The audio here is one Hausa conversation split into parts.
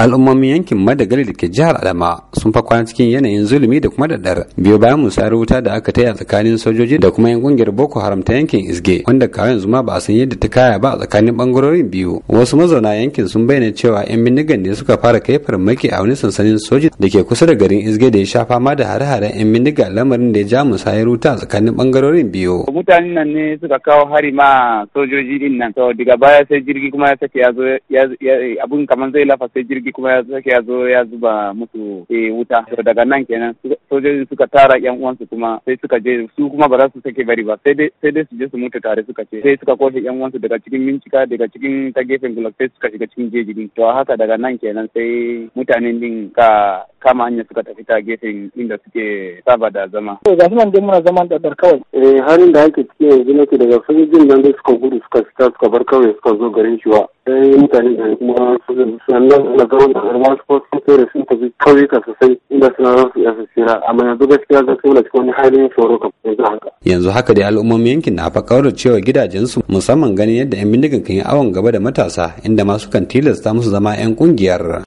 al'ummomin yankin madagali da ke jihar adama sun fa kwana cikin yanayin zulumi da kuma daɗar biyo bayan musayar wuta da aka taya tsakanin sojoji da kuma yan kungiyar boko haram ta yankin isge wanda kawai yanzu ma ba a san yadda ta kaya ba a tsakanin bangarorin biyu wasu mazauna yankin sun bayyana cewa yan bindigan ne suka fara kai farmaki a wani sansanin soji da ke kusa da garin isge da ya sha fama da hare-haren yan bindiga lamarin da ya ja musayar wuta a tsakanin bangarorin biyu. mutanen nan ne suka kawo hari ma sojoji din nan daga baya sai jirgi kuma ya sake ya zo abun kamar zai lafa sai jirgi sojoji kuma ya sake ya ya zuba musu eh, wuta to daga nan kenan sojojin suka tara yan uwansu kuma sai suka je su kuma ba za su sake bari ba sai dai su je su mutu tare suka ce sai suka koshe yan uwansu daga cikin mincika daga cikin ta gefen gulag sai suka shiga cikin jejin to haka daga nan kenan sai mutanen din ka kama hanyar suka tafi ta gefen inda suke saba da zama. To ga nan dai muna zaman ɗaɗɗar kawai. Eh halin da ake ciki yanzu nake daga sojojin nan da suka gudu suka fita suka bar kawai suka zo garin shiwa. Sai mutane da kuma nan na garin da garma su kuma sun fere sun tafi kauyuka sosai inda suna za su iya su tsira amma yanzu gaskiya za su cikin wani halin tsoro kam yanzu haka. Yanzu haka dai al'ummomin yankin na fa ƙaurar cewa gidajensu musamman ganin yadda 'yan bindigan kan yi awon gaba da matasa inda ma sukan tilasta musu zama 'yan ƙungiyar.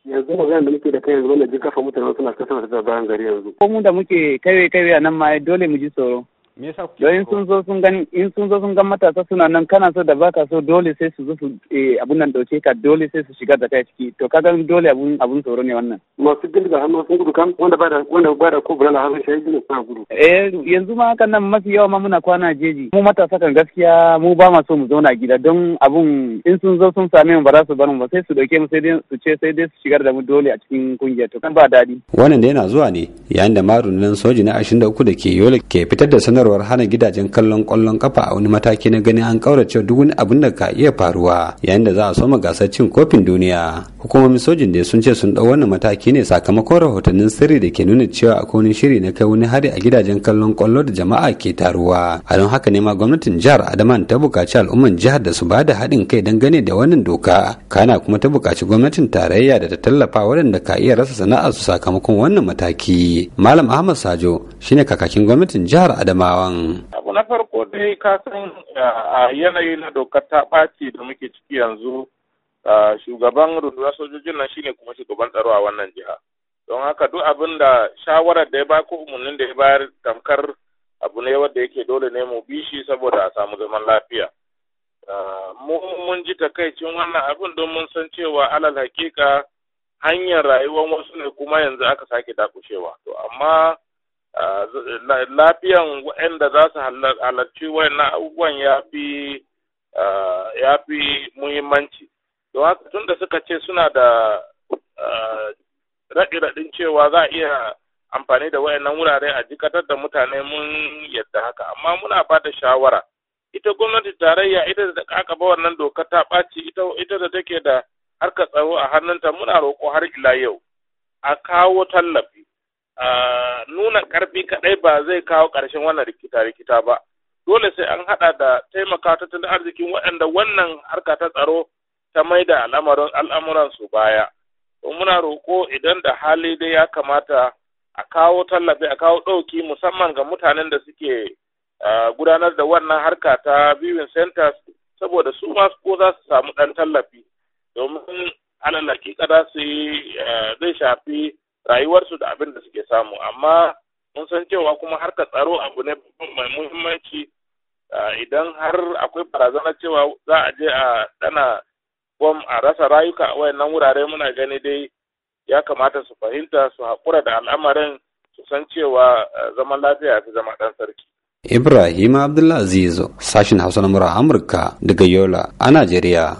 kai yanzu wanda duk kafa mutane suna kasar da bayan gari yanzu. Ko mu da muke kaiwe kaiwe a nan ma dole mu ji tsoro. me yasa kuke in sun zo sun gani in sun zo sun ga matasa suna nan kana so da baka so dole sai su zo su eh, abun nan dauke ka dole sai su shiga da kai ciki to kaga dole abun abun tsoro ne wannan masu da hannu sun gudu kan wanda ba da wanda ba da kobra na hannu shi gilga suna gudu eh yanzu ma hakan nan mafi yawa ma muna kwana jeji mu matasa kan gaskiya mu ba ma so mu zauna gida don abun in sun zo sun same mu ba za su bar mu ba sai su dauke mu sai dai su ce sai dai su shigar da mu dole a cikin kungiya to kan ba dadi wannan da yana zuwa ne yayin da marunan soji na 23 da ke yola ke fitar da sanar sanarwar hana gidajen kallon kwallon kafa a wani mataki na ganin an kaurace duk wani abin da ka iya faruwa yayin da za a soma gasar cin kofin duniya hukumomin sojin da sun ce sun dau wannan mataki ne sakamakon rahotannin sirri da ke nuna cewa akwai wani shiri na kai wani hari a gidajen kallon kwallo da jama'a ke taruwa a don haka ne ma gwamnatin jihar adaman ta buƙaci al'umman jihar da su ba da haɗin kai dangane da wannan doka kana kuma ta buƙaci gwamnatin tarayya da ta tallafa waɗanda ka iya rasa sana'a su sakamakon wannan mataki malam ahmad sajo shine kakakin gwamnatin jihar adama Abu na farko dai ka san a yanayi na dokar ta ɓaci da muke ciki yanzu shugaban rundunar sojojin nan shine kuma shugaban tsaro a wannan jiha. Don haka duk abin da shawarar da ya ba ko umarnin da ya bayar tamkar abu ne wanda yake dole ne mu bi shi saboda a samu zaman lafiya. Mu mun ji takaicin wannan abin don mun san cewa alal hakika hanyar rayuwar wasu ne kuma yanzu aka sake dakushewa. To amma lafiyan waɗanda za su halarci wayannan abubuwan ya fi muhimmanci don haka tun da suka ce suna da raɗi-raɗin cewa za a iya amfani da wayannan wurare a jikatar da mutane mun yadda haka amma muna ba da shawara ita gwamnati tarayya ita da aka ba wannan doka ta ɓaci ita da take da harkar tsaro a hannunta muna roƙo har ila yau a kawo tallafi nuna ƙarfi kaɗai ba zai kawo ƙarshen wannan rikita-rikita ba. Dole sai an haɗa da taimaka tattalin arzikin waɗanda wannan harka ta tsaro ta mai da al'amuran su baya. Muna roƙo idan da hali dai ya kamata a kawo tallafi a kawo ɗauki musamman ga mutanen da suke gudanar da wannan harka ta viewing centers saboda su ma ko za su samu ɗan tallafi domin alalaki kada za su yi zai shafi rayuwarsu da abin da suke samu amma mun san cewa kuma harkar tsaro abu ne mai muhimmanci idan har akwai barazanar cewa za a je a dana bom a rasa rayuka a wayannan wurare muna gani dai ya kamata su fahimta su haƙura da al'amarin su san cewa zaman lafiya fi zama ɗan sarki. Ibrahim Abdulaziz, sashin Hausa na Amurka daga Yola a Najeriya.